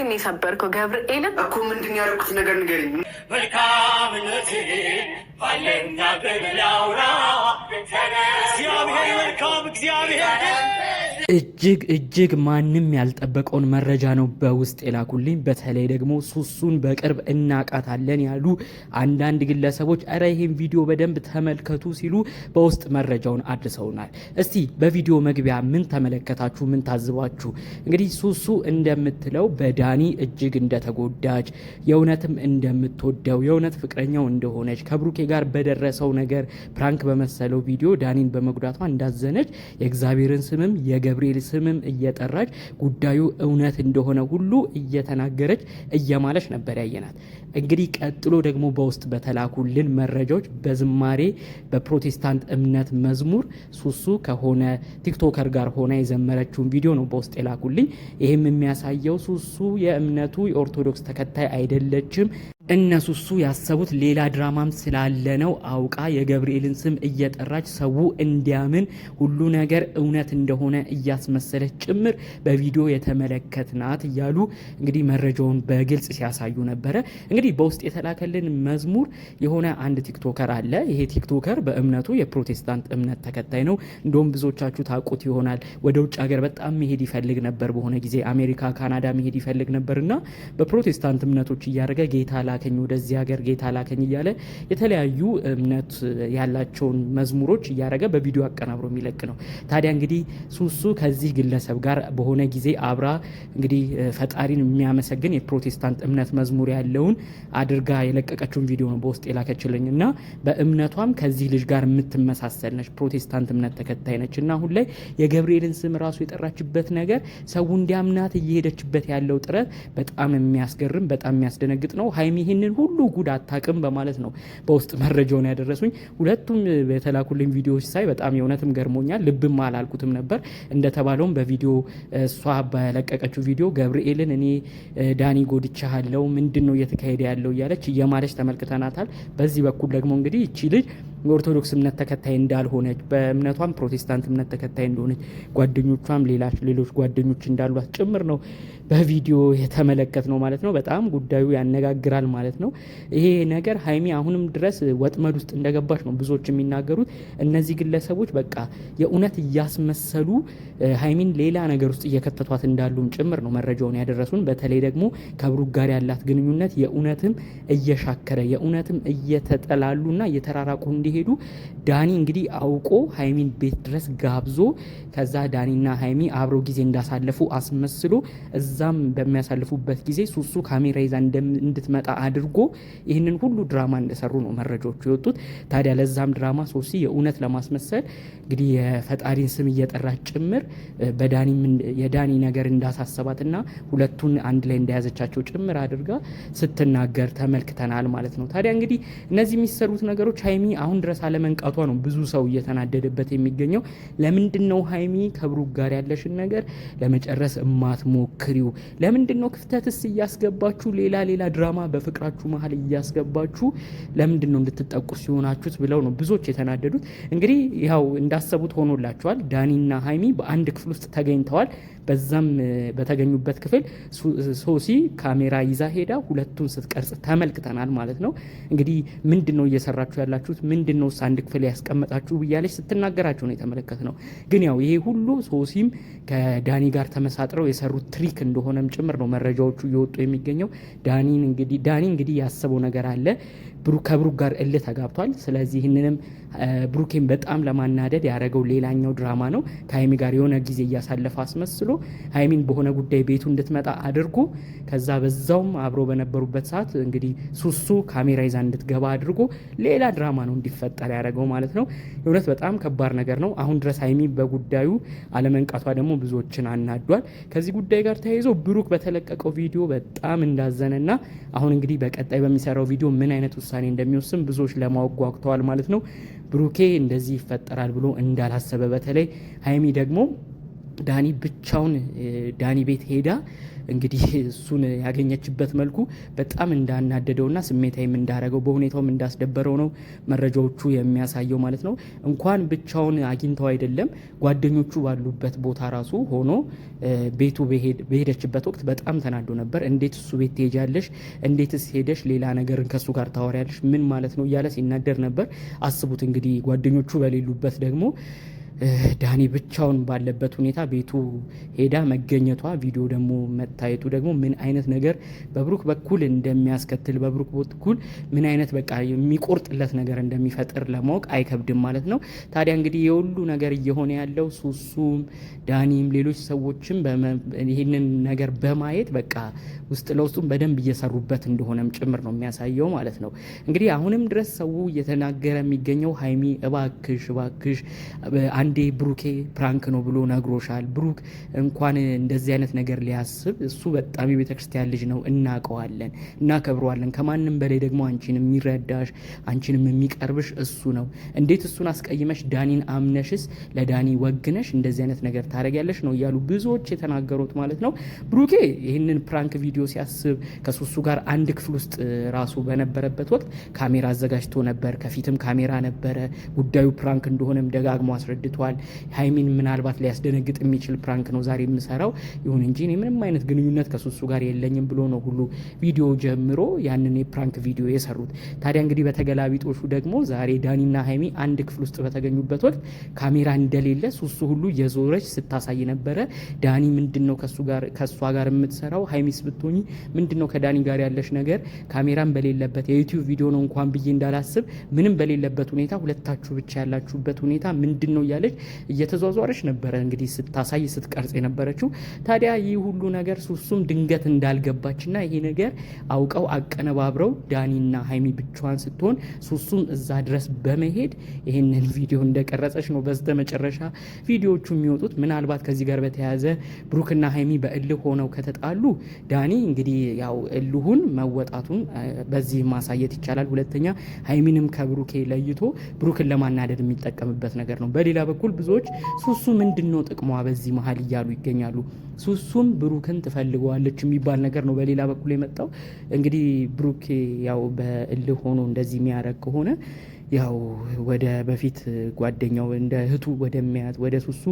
ፍቅሬን የሰበርከው ገብርኤልን እኮ ምንድን ያደረኩት ነገር ንገሪኝ። መልካምነት ባለኛ ገላውራ እግዚአብሔር መልካም እግዚአብሔር እጅግ እጅግ ማንም ያልጠበቀውን መረጃ ነው በውስጥ የላኩልኝ። በተለይ ደግሞ ሱሱን በቅርብ እናቃታለን ያሉ አንዳንድ ግለሰቦች እረ ይህን ቪዲዮ በደንብ ተመልከቱ ሲሉ በውስጥ መረጃውን አድርሰውናል። እስቲ በቪዲዮ መግቢያ ምን ተመለከታችሁ? ምን ታዝባችሁ? እንግዲህ ሱሱ እንደምትለው በዳኒ እጅግ እንደተጎዳች የእውነትም እንደምትወደው የእውነት ፍቅረኛው እንደሆነች ከብሩኬ ጋር በደረሰው ነገር ፕራንክ በመሰለው ቪዲዮ ዳኒን በመጉዳቷ እንዳዘነች የእግዚአብሔርን ስምም የገብ በገብርኤል ስምም እየጠራች ጉዳዩ እውነት እንደሆነ ሁሉ እየተናገረች እየማለች ነበር ያየናት። እንግዲህ ቀጥሎ ደግሞ በውስጥ በተላኩልን መረጃዎች በዝማሬ በፕሮቴስታንት እምነት መዝሙር ሱሱ ከሆነ ቲክቶከር ጋር ሆና የዘመረችውን ቪዲዮ ነው በውስጥ የላኩልኝ። ይህም የሚያሳየው ሱሱ የእምነቱ የኦርቶዶክስ ተከታይ አይደለችም እነሱ እሱ ያሰቡት ሌላ ድራማም ስላለ ነው። አውቃ የገብርኤልን ስም እየጠራች ሰው እንዲያምን ሁሉ ነገር እውነት እንደሆነ እያስመሰለች ጭምር በቪዲዮ የተመለከት ናት እያሉ እንግዲህ መረጃውን በግልጽ ሲያሳዩ ነበረ። እንግዲህ በውስጥ የተላከልን መዝሙር የሆነ አንድ ቲክቶከር አለ። ይሄ ቲክቶከር በእምነቱ የፕሮቴስታንት እምነት ተከታይ ነው። እንደውም ብዙዎቻችሁ ታውቁት ይሆናል። ወደ ውጭ ሀገር በጣም መሄድ ይፈልግ ነበር። በሆነ ጊዜ አሜሪካ፣ ካናዳ መሄድ ይፈልግ ነበር እና በፕሮቴስታንት እምነቶች እያደረገ ጌታ ላከኝ፣ ወደዚህ ሀገር ጌታ ላከኝ እያለ የተለያዩ እምነት ያላቸውን መዝሙሮች እያደረገ በቪዲዮ አቀናብሮ የሚለቅ ነው። ታዲያ እንግዲህ ሱሱ ከዚህ ግለሰብ ጋር በሆነ ጊዜ አብራ እንግዲህ ፈጣሪን የሚያመሰግን የፕሮቴስታንት እምነት መዝሙር ያለውን አድርጋ የለቀቀችውን ቪዲዮ ነው በውስጥ የላከችልኝ እና በእምነቷም ከዚህ ልጅ ጋር የምትመሳሰል ነች። ፕሮቴስታንት እምነት ተከታይ ነች እና አሁን ላይ የገብርኤልን ስም ራሱ የጠራችበት ነገር ሰው እንዲያምናት እየሄደችበት ያለው ጥረት በጣም የሚያስገርም በጣም የሚያስደነግጥ ነው። ሀይሚ ይህንን ሁሉ ጉድ አታቅም በማለት ነው በውስጥ መረጃውን ያደረሱኝ። ሁለቱም በተላኩልኝ ቪዲዮ ሳይ በጣም የእውነትም ገርሞኛል። ልብም አላልኩትም ነበር። እንደተባለውም በቪዲዮ እሷ በለቀቀችው ቪዲዮ ገብርኤልን እኔ ዳኒ ጎድቻለው ምንድን ነው እየተካሄደ ያለው እያለች እየማለች ተመልክተናታል። በዚህ በኩል ደግሞ እንግዲህ እቺ ልጅ የኦርቶዶክስ እምነት ተከታይ እንዳልሆነች በእምነቷም ፕሮቴስታንት እምነት ተከታይ እንደሆነች ጓደኞቿም ሌሎች ጓደኞች እንዳሏት ጭምር ነው በቪዲዮ የተመለከት ነው ማለት ነው። በጣም ጉዳዩ ያነጋግራል ማለት ነው። ይሄ ነገር ሀይሚ አሁንም ድረስ ወጥመድ ውስጥ እንደገባች ነው ብዙዎች የሚናገሩት። እነዚህ ግለሰቦች በቃ የእውነት እያስመሰሉ ሀይሚን ሌላ ነገር ውስጥ እየከተቷት እንዳሉም ጭምር ነው መረጃውን ያደረሱን። በተለይ ደግሞ ከብሩክ ጋር ያላት ግንኙነት የእውነትም እየሻከረ የእውነትም እየተጠላሉና እየተራራቁ እንዲ ሄዱ ዳኒ እንግዲህ አውቆ ሀይሚን ቤት ድረስ ጋብዞ ከዛ ዳኒና ሀይሚ አብረው ጊዜ እንዳሳለፉ አስመስሎ እዛም በሚያሳልፉበት ጊዜ ሱሱ ካሜራ ይዛ እንድትመጣ አድርጎ ይህንን ሁሉ ድራማ እንደሰሩ ነው መረጃዎቹ የወጡት። ታዲያ ለዛም ድራማ ሶሲ የእውነት ለማስመሰል እንግዲህ የፈጣሪን ስም እየጠራች ጭምር የዳኒ ነገር እንዳሳሰባትና ሁለቱን አንድ ላይ እንደያዘቻቸው ጭምር አድርጋ ስትናገር ተመልክተናል ማለት ነው። ታዲያ እንግዲህ እነዚህ የሚሰሩት ነገሮች ሀይሚ አሁን እስካሁን ድረስ አለመንቃቷ ነው ብዙ ሰው እየተናደደበት የሚገኘው። ለምንድን ነው ሀይሚ ከብሩክ ጋር ያለሽን ነገር ለመጨረስ እማትሞክሪው? ለምንድን ነው ክፍተትስ እያስገባችሁ ሌላ ሌላ ድራማ በፍቅራችሁ መሀል እያስገባችሁ ለምንድን ነው እንድትጠቁ ሲሆናችሁት ብለው ነው ብዙዎች የተናደዱት። እንግዲህ ያው እንዳሰቡት ሆኖላቸዋል። ዳኒና ሀይሚ በአንድ ክፍል ውስጥ ተገኝተዋል። በዛም በተገኙበት ክፍል ሶሲ ካሜራ ይዛ ሄዳ ሁለቱን ስትቀርጽ ተመልክተናል ማለት ነው። እንግዲህ ምንድን ነው እየሰራችሁ ያላችሁት? ምንድ ለምንድን ነው አንድ ክፍል ያስቀመጣችሁ ብያለች ስትናገራችሁ ነው የተመለከት ነው። ግን ያው ይሄ ሁሉ ሶሲም ከዳኒ ጋር ተመሳጥረው የሰሩት ትሪክ እንደሆነም ጭምር ነው መረጃዎቹ እየወጡ የሚገኘው። ዳኒ እንግዲህ ያሰበው ነገር አለ ከብሩክ ጋር እልህ ተጋብቷል። ስለዚህ ይህንንም ብሩኬን በጣም ለማናደድ ያደረገው ሌላኛው ድራማ ነው። ከሀይሚ ጋር የሆነ ጊዜ እያሳለፈ አስመስሎ ሀይሚን በሆነ ጉዳይ ቤቱ እንድትመጣ አድርጎ ከዛ በዛውም አብሮ በነበሩበት ሰዓት እንግዲህ ሱሱ ካሜራ ይዛ እንድትገባ አድርጎ ሌላ ድራማ ነው እንዲፈጠር ያደረገው ማለት ነው። የእውነት በጣም ከባድ ነገር ነው። አሁን ድረስ ሀይሚ በጉዳዩ አለመንቃቷ ደግሞ ብዙዎችን አናዷል። ከዚህ ጉዳይ ጋር ተያይዞ ብሩክ በተለቀቀው ቪዲዮ በጣም እንዳዘነና አሁን እንግዲህ በቀጣይ በሚሰራው ቪዲዮ ምን አይነት ውሳኔ እንደሚወስን ብዙዎች ለማወቅ ጓጉተዋል ማለት ነው። ብሩኬ እንደዚህ ይፈጠራል ብሎ እንዳላሰበ በተለይ ሀይሚ ደግሞ ዳኒ ብቻውን ዳኒ ቤት ሄዳ እንግዲህ እሱን ያገኘችበት መልኩ በጣም እንዳናደደውና ስሜታዊም እንዳረገው በሁኔታውም እንዳስደበረው ነው መረጃዎቹ የሚያሳየው ማለት ነው። እንኳን ብቻውን አግኝተው አይደለም ጓደኞቹ ባሉበት ቦታ ራሱ ሆኖ ቤቱ በሄደችበት ወቅት በጣም ተናዶ ነበር። እንዴት እሱ ቤት ትሄጃለሽ? እንዴትስ ሄደሽ ሌላ ነገርን ከእሱ ጋር ታወሪያለሽ? ምን ማለት ነው እያለ ሲናደር ነበር። አስቡት እንግዲህ ጓደኞቹ በሌሉበት ደግሞ ዳኒ ብቻውን ባለበት ሁኔታ ቤቱ ሄዳ መገኘቷ ቪዲዮ ደግሞ መታየቱ ደግሞ ምን አይነት ነገር በብሩክ በኩል እንደሚያስከትል በብሩክ በኩል ምን አይነት በቃ የሚቆርጥለት ነገር እንደሚፈጥር ለማወቅ አይከብድም ማለት ነው። ታዲያ እንግዲህ የሁሉ ነገር እየሆነ ያለው ሱሱም፣ ዳኒም ሌሎች ሰዎችም ይህንን ነገር በማየት በቃ ውስጥ ለውስጡም በደንብ እየሰሩበት እንደሆነም ጭምር ነው የሚያሳየው ማለት ነው። እንግዲህ አሁንም ድረስ ሰው እየተናገረ የሚገኘው ሀይሚ እባክሽ እባክሽ አንዴ ብሩኬ ፕራንክ ነው ብሎ ነግሮሻል። ብሩክ እንኳን እንደዚህ አይነት ነገር ሊያስብ እሱ በጣም የቤተ ክርስቲያን ልጅ ነው፣ እናውቀዋለን፣ እናከብረዋለን። ከማንም በላይ ደግሞ አንቺንም የሚረዳሽ አንቺንም የሚቀርብሽ እሱ ነው። እንዴት እሱን አስቀይመሽ ዳኒን አምነሽስ ለዳኒ ወግነሽ እንደዚህ አይነት ነገር ታደርጊያለሽ ነው እያሉ ብዙዎች የተናገሩት ማለት ነው። ብሩኬ ይህንን ፕራንክ ቪዲዮ ሲያስብ ከሱሱ ጋር አንድ ክፍል ውስጥ ራሱ በነበረበት ወቅት ካሜራ አዘጋጅቶ ነበር። ከፊትም ካሜራ ነበረ። ጉዳዩ ፕራንክ እንደሆነም ደጋግሞ አስረድቶ ተገናኝተዋል። ሀይሚን ምናልባት ሊያስደነግጥ የሚችል ፕራንክ ነው ዛሬ የምሰራው ይሁን እንጂ እኔ ምንም አይነት ግንኙነት ከሱሱ ጋር የለኝም ብሎ ነው ሁሉ ቪዲዮ ጀምሮ ያንን የፕራንክ ቪዲዮ የሰሩት። ታዲያ እንግዲህ በተገላቢጦሹ ደግሞ ዛሬ ዳኒና ሀይሚ አንድ ክፍል ውስጥ በተገኙበት ወቅት ካሜራ እንደሌለ ሱሱ ሁሉ የዞረች ስታሳይ ነበረ። ዳኒ ምንድን ነው ከእሷ ጋር የምትሰራው? ሀይሚስ ብትሆኚ ምንድን ነው ከዳኒ ጋር ያለሽ ነገር? ካሜራን በሌለበት የዩቲዩብ ቪዲዮ ነው እንኳን ብዬ እንዳላስብ ምንም በሌለበት ሁኔታ ሁለታችሁ ብቻ ያላችሁበት ሁኔታ ምንድን ነው እያለች እያደረገች እየተዟዟረች ነበረ እንግዲህ ስታሳይ ስትቀርጽ የነበረችው። ታዲያ ይህ ሁሉ ነገር ሱሱም ድንገት እንዳልገባችና ይሄ ነገር አውቀው አቀነባብረው ዳኒና ሀይሚ ብቻዋን ስትሆን ሱሱም እዛ ድረስ በመሄድ ይህንን ቪዲዮ እንደቀረጸች ነው በስተመጨረሻ ቪዲዮዎቹ የሚወጡት። ምናልባት ከዚህ ጋር በተያያዘ ብሩክና ሀይሚ በእልህ ሆነው ከተጣሉ ዳኒ እንግዲህ ያው እልሁን መወጣቱን በዚህ ማሳየት ይቻላል። ሁለተኛ ሀይሚንም ከብሩኬ ለይቶ ብሩክን ለማናደድ የሚጠቀምበት ነገር ነው። በሌላ በኩል በኩል ብዙዎች ሱሱ ምንድን ነው ጥቅሟ በዚህ መሀል እያሉ ይገኛሉ። ሱሱም ብሩክን ትፈልገዋለች የሚባል ነገር ነው በሌላ በኩል የመጣው። እንግዲህ ብሩክ ያው በእልህ ሆኖ እንደዚህ የሚያደርግ ከሆነ ያው ወደ በፊት ጓደኛው እንደ እህቱ ወደሚያት ወደ ሱሱ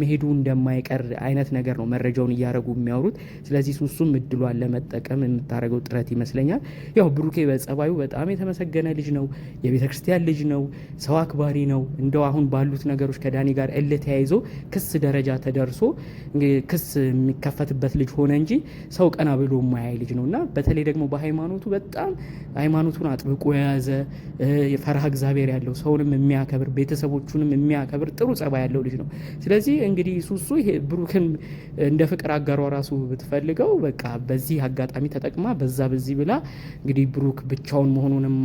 መሄዱ እንደማይቀር አይነት ነገር ነው መረጃውን እያደረጉ የሚያወሩት። ስለዚህ ሱሱም እድሏን ለመጠቀም የምታደርገው ጥረት ይመስለኛል። ያው ብሩኬ በጸባዩ በጣም የተመሰገነ ልጅ ነው። የቤተ ክርስቲያን ልጅ ነው። ሰው አክባሪ ነው። እንደው አሁን ባሉት ነገሮች ከዳኒ ጋር እልህ ተያይዞ ክስ ደረጃ ተደርሶ ክስ የሚከፈትበት ልጅ ሆነ እንጂ ሰው ቀና ብሎ የማያይ ልጅ ነው እና በተለይ ደግሞ በሃይማኖቱ በጣም ሃይማኖቱን አጥብቆ የያዘ የፈርሃ እግዚአብሔር ያለው ሰውንም የሚያከብር ቤተሰቦቹንም የሚያከብር ጥሩ ጸባ ያለው ልጅ ነው። ስለዚህ እንግዲህ ሱሱ ብሩክን እንደ ፍቅር አጋሯ ራሱ ብትፈልገው በቃ በዚህ አጋጣሚ ተጠቅማ በዛ በዚህ ብላ እንግዲህ ብሩክ ብቻውን መሆኑንም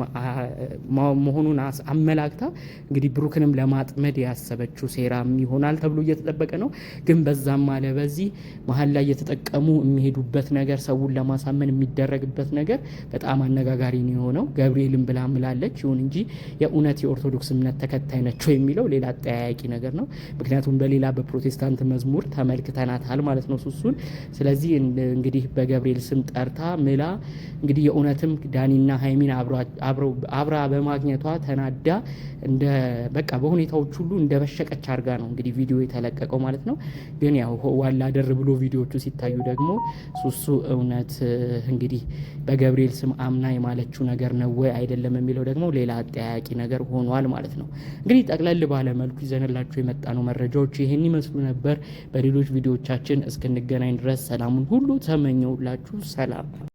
መሆኑን አመላክታ እንግዲህ ብሩክንም ለማጥመድ ያሰበች ያቀነባበረችው ሴራም ይሆናል ተብሎ እየተጠበቀ ነው። ግን በዛም አለ በዚህ መሀል ላይ እየተጠቀሙ የሚሄዱበት ነገር ሰውን ለማሳመን የሚደረግበት ነገር በጣም አነጋጋሪ ነው የሆነው። ገብርኤልን ብላ ምላለች። ይሁን እንጂ የእውነት የኦርቶዶክስ እምነት ተከታይ ነቸው የሚለው ሌላ አጠያያቂ ነገር ነው። ምክንያቱም በሌላ በፕሮቴስታንት መዝሙር ተመልክተናታል ማለት ነው ሱሱን። ስለዚህ እንግዲህ በገብርኤል ስም ጠርታ ምላ እንግዲህ የእውነትም ዳኒና ሀይሚን አብራ በማግኘቷ ተናዳ እንደ በቃ በሁኔታዎች ሁሉ እንደ በሻ ሸቀች አርጋ ነው እንግዲህ ቪዲዮ የተለቀቀው ማለት ነው። ግን ያው ዋላ ደር ብሎ ቪዲዮቹ ሲታዩ ደግሞ ሱሱ እውነት እንግዲህ በገብርኤል ስም አምና የማለችው ነገር ነው ወይ አይደለም የሚለው ደግሞ ሌላ አጠያያቂ ነገር ሆኗል ማለት ነው። እንግዲህ ጠቅለል ባለ መልኩ ይዘንላችሁ የመጣ ነው መረጃዎች ይህን ይመስሉ ነበር። በሌሎች ቪዲዮዎቻችን እስክንገናኝ ድረስ ሰላሙን ሁሉ ተመኘውላችሁ። ሰላም